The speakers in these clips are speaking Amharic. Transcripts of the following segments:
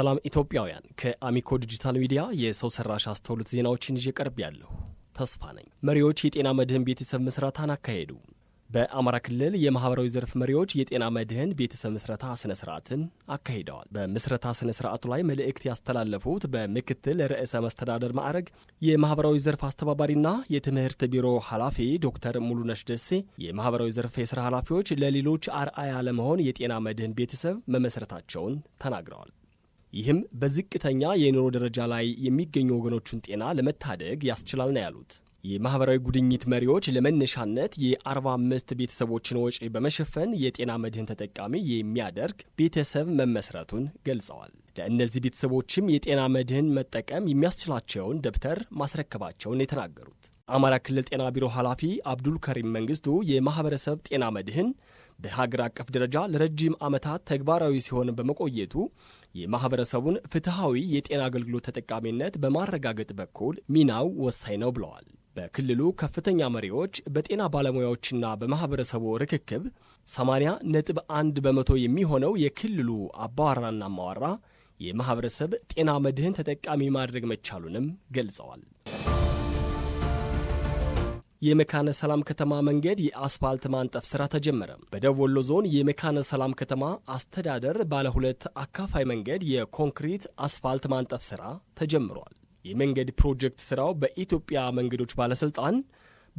ሰላም ኢትዮጵያውያን፣ ከአሚኮ ዲጂታል ሚዲያ የሰው ሰራሽ አስተውሎት ዜናዎችን ይዤ ቀርብ ያለሁ ተስፋ ነኝ። መሪዎች የጤና መድህን ቤተሰብ ምስረታን አካሄዱ። በአማራ ክልል የማህበራዊ ዘርፍ መሪዎች የጤና መድህን ቤተሰብ ምስረታ ስነ ስርዓትን አካሂደዋል። በምስረታ ስነ ስርዓቱ ላይ መልእክት ያስተላለፉት በምክትል ርዕሰ መስተዳደር ማዕረግ የማህበራዊ ዘርፍ አስተባባሪና የትምህርት ቢሮ ኃላፊ ዶክተር ሙሉነሽ ደሴ የማህበራዊ ዘርፍ የስራ ኃላፊዎች ለሌሎች አርአያ ለመሆን የጤና መድህን ቤተሰብ መመስረታቸውን ተናግረዋል። ይህም በዝቅተኛ የኑሮ ደረጃ ላይ የሚገኙ ወገኖቹን ጤና ለመታደግ ያስችላል ነው ያሉት። የማህበራዊ ጉድኝት መሪዎች ለመነሻነት የ45 ቤተሰቦችን ወጪ በመሸፈን የጤና መድህን ተጠቃሚ የሚያደርግ ቤተሰብ መመስረቱን ገልጸዋል። ለእነዚህ ቤተሰቦችም የጤና መድህን መጠቀም የሚያስችላቸውን ደብተር ማስረከባቸውን የተናገሩት አማራ ክልል ጤና ቢሮ ኃላፊ አብዱል ከሪም መንግስቱ የማህበረሰብ ጤና መድህን በሀገር አቀፍ ደረጃ ለረጅም ዓመታት ተግባራዊ ሲሆን በመቆየቱ የማህበረሰቡን ፍትሐዊ የጤና አገልግሎት ተጠቃሚነት በማረጋገጥ በኩል ሚናው ወሳኝ ነው ብለዋል። በክልሉ ከፍተኛ መሪዎች በጤና ባለሙያዎችና በማህበረሰቡ ርክክብ 80 ነጥብ 1 በመቶ የሚሆነው የክልሉ አባዋራና አማዋራ የማህበረሰብ ጤና መድህን ተጠቃሚ ማድረግ መቻሉንም ገልጸዋል። የመካነ ሰላም ከተማ መንገድ የአስፋልት ማንጠፍ ስራ ተጀመረ። በደቡብ ወሎ ዞን የመካነ ሰላም ከተማ አስተዳደር ባለሁለት አካፋይ መንገድ የኮንክሪት አስፋልት ማንጠፍ ስራ ተጀምሯል። የመንገድ ፕሮጀክት ስራው በኢትዮጵያ መንገዶች ባለስልጣን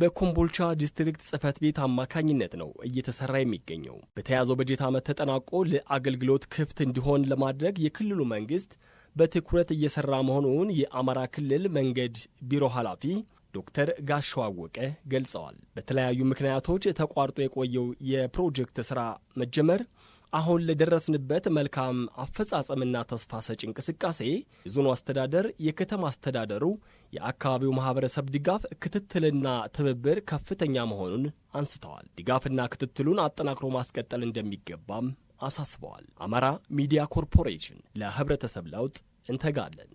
በኮምቦልቻ ዲስትሪክት ጽህፈት ቤት አማካኝነት ነው እየተሰራ የሚገኘው። በተያዘው በጀት ዓመት ተጠናቆ ለአገልግሎት ክፍት እንዲሆን ለማድረግ የክልሉ መንግስት በትኩረት እየሰራ መሆኑን የአማራ ክልል መንገድ ቢሮ ኃላፊ ዶክተር ጋሻው አወቀ ገልጸዋል። በተለያዩ ምክንያቶች ተቋርጦ የቆየው የፕሮጀክት ስራ መጀመር አሁን ለደረስንበት መልካም አፈጻጸምና ተስፋ ሰጪ እንቅስቃሴ የዞኑ አስተዳደር፣ የከተማ አስተዳደሩ፣ የአካባቢው ማህበረሰብ ድጋፍ ክትትልና ትብብር ከፍተኛ መሆኑን አንስተዋል። ድጋፍና ክትትሉን አጠናክሮ ማስቀጠል እንደሚገባም አሳስበዋል። አማራ ሚዲያ ኮርፖሬሽን ለህብረተሰብ ለውጥ እንተጋለን።